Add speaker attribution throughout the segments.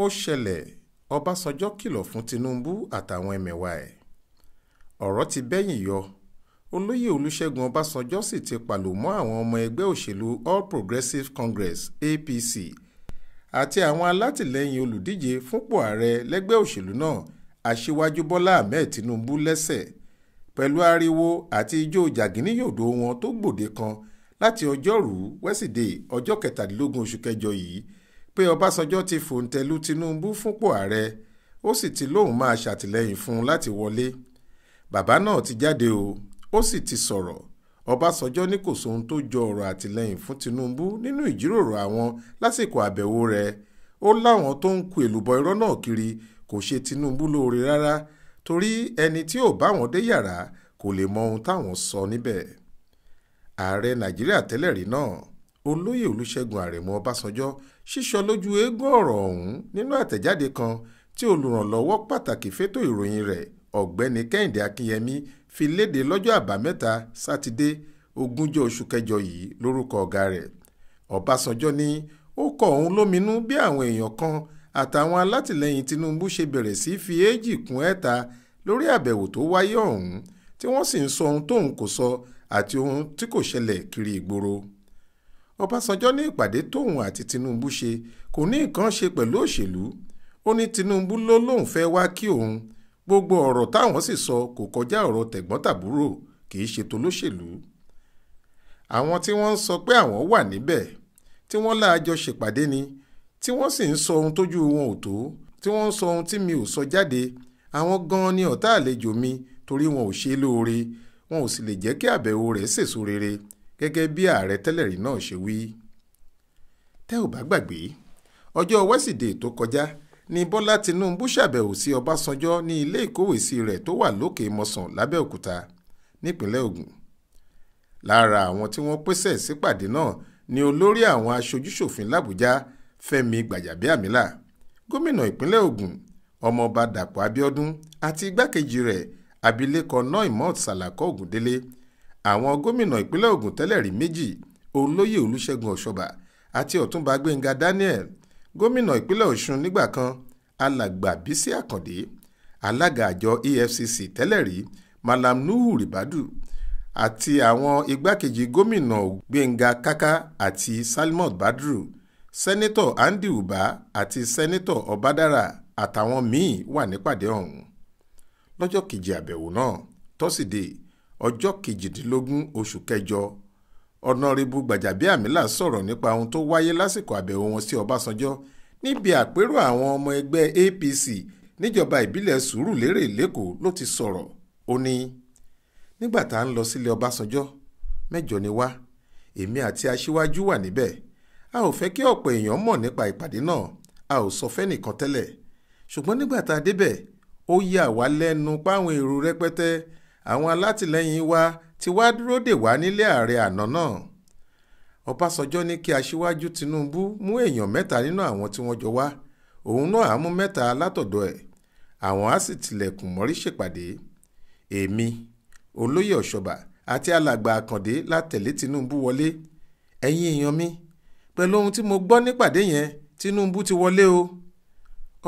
Speaker 1: ó ṣẹlẹ̀ ọbásanjọ́ kìlọ̀ fún tinubu àtàwọn ẹmẹ̀wà ẹ̀ ọ̀rọ̀ ti bẹ́yìn yọ olóyè olùṣègùn ọbásanjọ́ sì ti pàlò mọ́ àwọn ọmọ ẹgbẹ́ òṣèlú all progressives congress apc àti àwọn alátìlẹyìn olùdíje fúnpò ààrẹ lẹ́gbẹ́ òṣèlú náà aṣíwájú bọ́lá ahmed tinubu lẹ́sẹ̀ pẹ̀lú ariwo àti ijó jàgínníyòdò wọn tó gbòde kan láti ọjọ́rùú wẹ́sídẹ̀ẹ́ ọjọ́ kẹtàdínlógún oṣù kẹjọ yìí pé Ọbásanjọ́ ti fòǹtẹ̀ lu Tinubu fúnpò ààrẹ ó sì ti lóun máa ṣàtìlẹ́yìn fún un láti wọlé bàbá náà ti jáde o ó sì ti sọ̀rọ̀ Ọbásanjọ́ ní kò sóhun tó jọ ọ̀rọ̀ àtìlẹ́yìn fún Tinubu nínú ìjíròrò àwọn lásìkò àbẹ̀wò rẹ̀ ó láwọn tó ń ku èlùbọ́ irọ́ náà kiri kò ṣe Tinubu lóore rárá torí ẹni tí ò bá wọn dé yàrá kò lè mọ ohun táwọn sọ níbẹ̀ ààrẹ Nàìjíríà tẹ́lẹ̀ rí náà olóyè olùṣègùn àrẹ̀mọ ọbásanjọ́ ṣíṣọ lójú eégún ọ̀rọ̀ ọ̀hún nínú àtẹ̀jáde kan tí olùrànlọ́wọ́ pàtàkì fétò ìròyìn rẹ̀ ọ̀gbẹ́ni kẹ́hìndé akínyẹmí fi léde lọ́jọ́ àbámẹ́ta sátidé ogúnjọ́ oṣù kẹjọ yìí lórúkọ ọ̀gá rẹ̀ ọbásanjọ́ ní ó kọ òun lóminú bí àwọn èèyàn kan àtàwọn alátìlẹyìn tinubu ṣe bẹ̀rẹ̀ sí fi èjì kún ẹ̀ta lórí àbẹ̀wò tó wáyé ọ̀hún tí wọ́n sì ń sọ ohun tóun kò sọ àti ohun tí kò ṣẹlẹ̀ kiri ìgboro. Ọbásanjọ́ ní ìpàdé tóun àti Tinubu ṣe kò ní nǹkan ṣe pẹ̀lú òṣèlú ó ní Tinubu ló lóun fẹ́ wá kí òun gbogbo ọ̀rọ̀ táwọn sì sọ kò kọjá ọ̀rọ̀ tẹ̀gbọ́n-tàbúrò kì í ṣe tolóṣèlú àwọn tí wọ́n ń sọ pé àwọn wà níbẹ̀ tí wọ́n láàjọ ṣèpàdé ni tí wọ́n sì ń sọ ohun tójú wọn ò tó tí wọ́n ń sọ ohun tí mi ò sọ jáde àwọn gan-an ni ọ̀tá àlejò mi torí wọn ò ṣe lóore wọn ò sì lè jẹ́ kí àbẹ̀wò rẹ̀ sèso rere gẹ́gẹ́ bí ààrẹ tẹ́lẹ̀rí náà ṣe wí. tẹ́ ò bá gbàgbé ọjọ́ wẹ́sídẹ̀ẹ́ tó kọjá ni bọ́lá tinubu ṣàbẹ̀wò sí ọbásanjọ́ ní ilé ìkówèésí rẹ̀ tó wà lókè mọ̀sán lábẹ́òkúta nípínlẹ̀ ògùn lára àwọn tí wọ́n pèsè sípàdé náà ni olórí àwọn aṣojúṣòfin làbújá fẹ́mi gbàjàbíàmílà gómìnà ìpínlẹ̀ ògùn ọmọọba dàpọ̀ abíọ́dún àti igbákejì rẹ̀ abilékọ noimot salako ògúndélé àwọn gómìnà ìpínlẹ̀ Ògùn tẹ́lẹ̀ rí méjì olóyè Olúṣẹ́gun Ọ̀ṣọ́bà àti Ọ̀túnba Gbẹ́ngà Daniel gómìnà ìpínlẹ̀ Ọ̀ṣun nígbà kan alàgbà Àkàndé alága àjọ EFCC tẹ́lẹ̀ rí Malam Nuhu Ribadu àti àwọn igbákejì gómìnà Gbẹ́ngà Kàkà àti Salimot Badru sẹ́nẹ́tọ̀ Andy Uba àti sẹ́nẹ́tọ̀ Ọ̀bádára àtàwọn míì wà nípàdé ọ̀hún lọ́jọ́ kejì àbẹ̀wò náà tọ́sídẹ̀ẹ́ ọjọ́ kejìdínlógún oṣù kẹjọ ọ̀nàrẹ́bù gbàjàbíàmílà sọ̀rọ̀ nípa ohun tó wáyé lásìkò àbẹ̀wò wọn sí ọbásanjọ́ níbi àpérò àwọn ọmọ ẹgbẹ́ apc níjọba ìbílẹ̀ sùúrùlérè lẹ́kọ̀ọ́ ló ti sọ̀rọ̀ ó ní nígbà tá à ń lọ sílé ọbásanjọ́ mẹ́jọ ni wá èmi àti aṣíwájú wà níbẹ̀ a ò fẹ́ kí ọ̀pọ̀ èèyàn mọ̀ nípa ìpàdé náà a ò sọ fẹ́nìkan tẹ́lẹ̀ ṣùgbọ́n nígbà tá a débẹ̀ ó yà wá lẹ́nu páwọn èrò rẹpẹtẹ àwọn alátìlẹyìn wa ti wá dúró dè wá nílé ààrẹ àná náà ọbásanjọ́ ní kí aṣíwájú tinubu mú èèyàn mẹ́ta nínú àwọn tí wọ́n jọ wá òun náà á mú mẹ́ta látọ̀dọ̀ ẹ̀ àwọn á sì tilẹ̀kùn mọ́rí ṣèpàdé èmi olóyè ọ̀ṣọ́bà àti alàgbà àkàndé la tẹ̀lé tinubu wọlé ẹ̀yin èèyàn mi pẹ̀lú ohun tí mo gbọ́ nípàdé yẹn tinubu ti wọlé o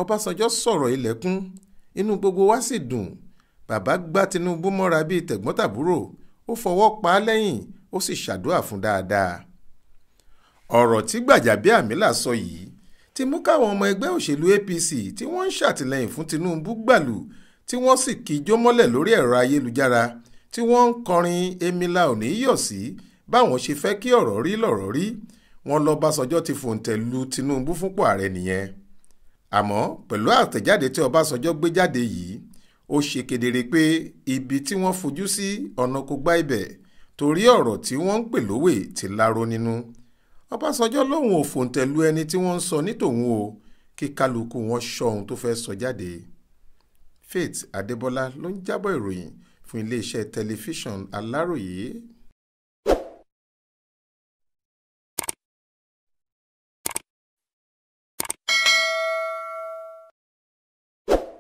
Speaker 1: ọbásanjọ́ sọ̀rọ̀ ilẹ̀kùn inú gbogbo wa sì dùn bàbá gbá Tinubu mọ́ra bíi tẹ̀gbọ́n-tàbúrò ó fọwọ́ pa á lẹ́yìn ó sì ṣàdúrà fún dáadáa. ọ̀rọ̀ tí Gbajabiamila sọ yìí ti mú káwọn ọmọ ẹgbẹ́ òṣèlú APC tí wọ́n ń ṣàtìlẹ́yìn fún Tinubu gbàlù tí wọ́n sì kíjó mọ́lẹ̀ lórí ẹ̀rọ ayélujára tí wọ́n ń kọrin emila òní yọ̀ sí báwọn ṣe fẹ́ kí ọ̀rọ̀ rí lọ̀rọ̀ rí wọn lọ́básanjọ́ ti fòǹtẹ̀ lu Tinubu fúnpọ̀ ààrẹ nìyẹn àmọ́ pẹ̀lú àtẹ̀jáde tí Ọbásanjọ́ gbé jáde yìí ó ṣe kedere pé ibi tí wọ́n fojú sí ọ̀nà kò gbá ibẹ̀ torí ọ̀rọ̀ tí wọ́n ń pè lówè ti láró nínú Ọbásanjọ́ lòun ò fòǹtẹ̀ lu ẹni tí wọ́n ń sọ ní o kí kálukú wọn sọ ohun tó fẹ́ sọ jáde Faith Adébọlá ló ń jábọ̀ ìròyìn fún iléeṣẹ́ tẹlifíṣàn Aláròyé